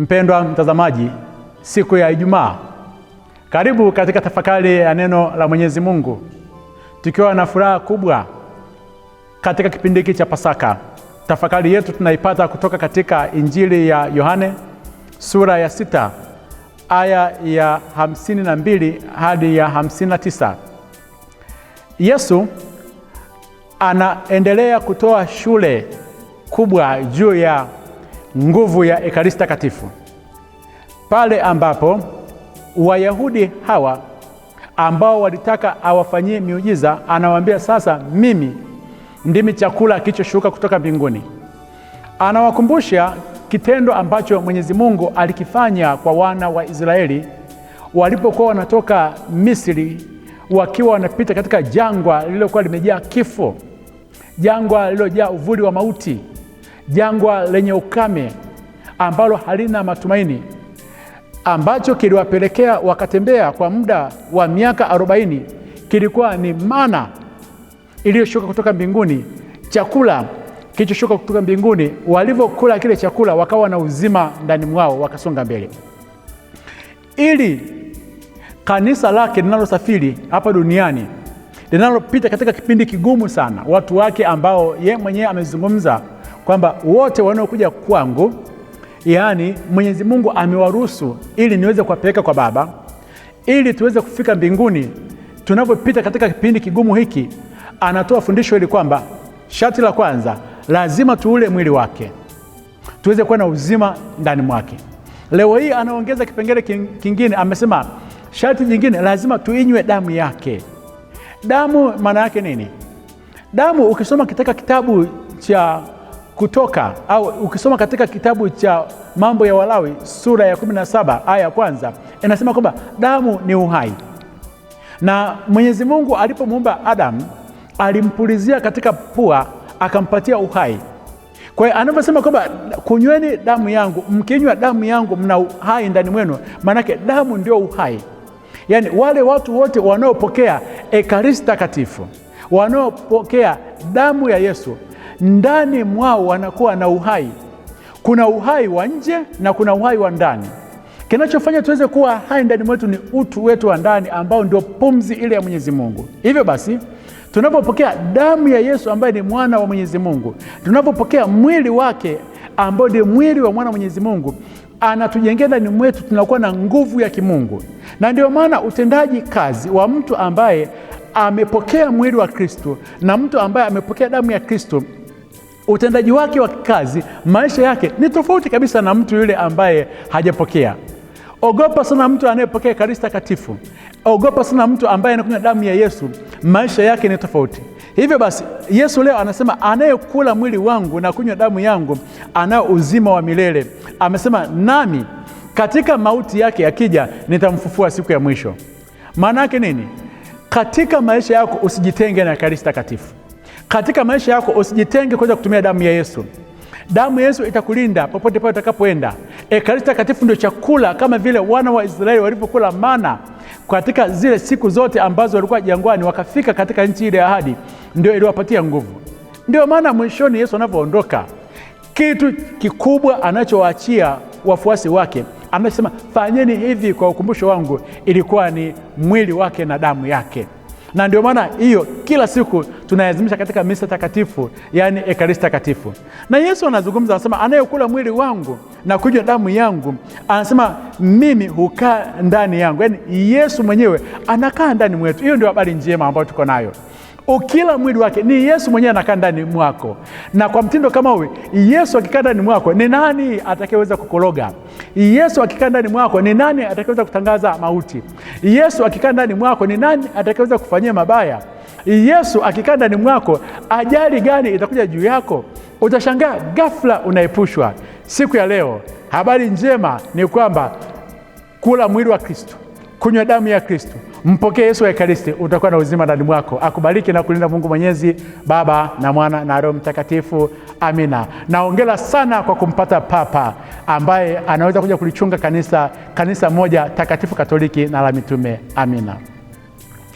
Mpendwa mtazamaji, siku ya Ijumaa, karibu katika tafakari ya neno la Mwenyezi Mungu, tukiwa na furaha kubwa katika kipindi hiki cha Pasaka. Tafakari yetu tunaipata kutoka katika Injili ya Yohane sura ya sita aya ya hamsini na mbili hadi ya hamsini na tisa. Yesu anaendelea kutoa shule kubwa juu ya nguvu ya Ekaristi Takatifu pale ambapo Wayahudi hawa ambao walitaka awafanyie miujiza, anawaambia sasa, mimi ndimi chakula kilichoshuka kutoka mbinguni. Anawakumbusha kitendo ambacho Mwenyezi Mungu alikifanya kwa wana wa Israeli walipokuwa wanatoka Misri, wakiwa wanapita katika jangwa lililokuwa limejaa kifo, jangwa lililojaa uvuli wa mauti jangwa lenye ukame ambalo halina matumaini, ambacho kiliwapelekea wakatembea kwa muda wa miaka arobaini, kilikuwa ni mana iliyoshuka kutoka mbinguni, chakula kilichoshuka kutoka mbinguni. Walivyokula kile chakula, wakawa na uzima ndani mwao, wakasonga mbele, ili kanisa lake linalosafiri hapa duniani linalopita katika kipindi kigumu sana, watu wake ambao ye mwenyewe amezungumza kwamba wote wanaokuja kwangu, yaani Mwenyezi Mungu amewaruhusu ili niweze kuwapeleka kwa Baba ili tuweze kufika mbinguni. Tunapopita katika kipindi kigumu hiki, anatoa fundisho hili kwamba sharti la kwanza, lazima tuule mwili wake tuweze kuwa na uzima ndani mwake. Leo hii anaongeza kipengele kingine, amesema sharti jingine, lazima tuinywe damu yake. Damu maana yake nini? Damu ukisoma katika kitabu cha kutoka au ukisoma katika kitabu cha mambo ya Walawi sura ya 17 aya ya kwanza inasema kwamba damu ni uhai, na Mwenyezi Mungu alipomuumba Adamu alimpulizia katika pua akampatia uhai. Kwa hiyo anavyosema kwamba kunyweni damu yangu, mkinywa damu yangu mna uhai ndani mwenu, maanake damu ndio uhai. Yaani wale watu wote wanaopokea Ekaristi Takatifu, wanaopokea damu ya Yesu ndani mwao wanakuwa na uhai. Kuna uhai wa nje na kuna uhai wa ndani. Kinachofanya tuweze kuwa hai ndani mwetu ni utu wetu wa ndani ambao ndio pumzi ile ya Mwenyezi Mungu. Hivyo basi tunapopokea damu ya Yesu ambaye ni mwana wa Mwenyezi Mungu, tunapopokea mwili wake ambao ni mwili wa mwana wa Mwenyezi Mungu, anatujengea ndani mwetu, tunakuwa na nguvu ya kimungu. Na ndio maana utendaji kazi wa mtu ambaye amepokea mwili wa Kristo na mtu ambaye amepokea damu ya Kristo utendaji wake wa kazi, maisha yake ni tofauti kabisa na mtu yule ambaye hajapokea. Ogopa sana mtu anayepokea Ekaristi Takatifu. Ogopa sana mtu ambaye anakunywa damu ya Yesu, maisha yake ni tofauti. Hivyo basi, Yesu leo anasema anayekula mwili wangu na kunywa damu yangu anao uzima wa milele. Amesema nami katika mauti yake akija, nitamfufua siku ya mwisho. Maana yake nini? Katika maisha yako usijitenge na Ekaristi Takatifu katika maisha yako usijitenge kwanza kutumia damu ya Yesu. Damu ya Yesu itakulinda popote pale utakapoenda. Ekaristi Takatifu ndio chakula, kama vile wana wa Israeli walivyokula mana katika zile siku zote ambazo walikuwa jangwani, wakafika katika nchi ile ya ahadi, ndio iliwapatia nguvu. Ndio maana mwishoni Yesu anavyoondoka, kitu kikubwa anachowaachia wafuasi wake, anasema fanyeni hivi kwa ukumbusho wangu, ilikuwa ni mwili wake na damu yake na ndio maana hiyo kila siku tunaazimisha katika misa takatifu, yaani ekaristi takatifu. Na Yesu anazungumza anasema, anayekula mwili wangu na kunywa damu yangu, anasema mimi hukaa ndani yangu, yaani Yesu mwenyewe anakaa ndani mwetu. Hiyo ndio habari njema ambayo tuko nayo. Ukila mwili wake ni Yesu mwenyewe anakaa ndani mwako, na kwa mtindo kama huu, Yesu akikaa ndani mwako, ni nani atakayeweza kukoroga? Yesu akikaa ndani mwako, ni nani atakayeweza kutangaza mauti? Yesu akikaa ndani mwako, ni nani atakayeweza kufanyia mabaya? Yesu akikaa ndani mwako, ajali gani itakuja juu yako? Utashangaa ghafla unaepushwa. Siku ya leo, habari njema ni kwamba kula mwili wa Kristo kunywa damu ya Kristo, mpokee Yesu wa Ekaristi, utakuwa na uzima ndani mwako. Akubariki na kulinda Mungu Mwenyezi, Baba na Mwana na Roho Mtakatifu. Amina. naongela sana kwa kumpata Papa ambaye anaweza kuja kulichunga kanisa, kanisa moja takatifu, Katoliki na la mitume. Amina.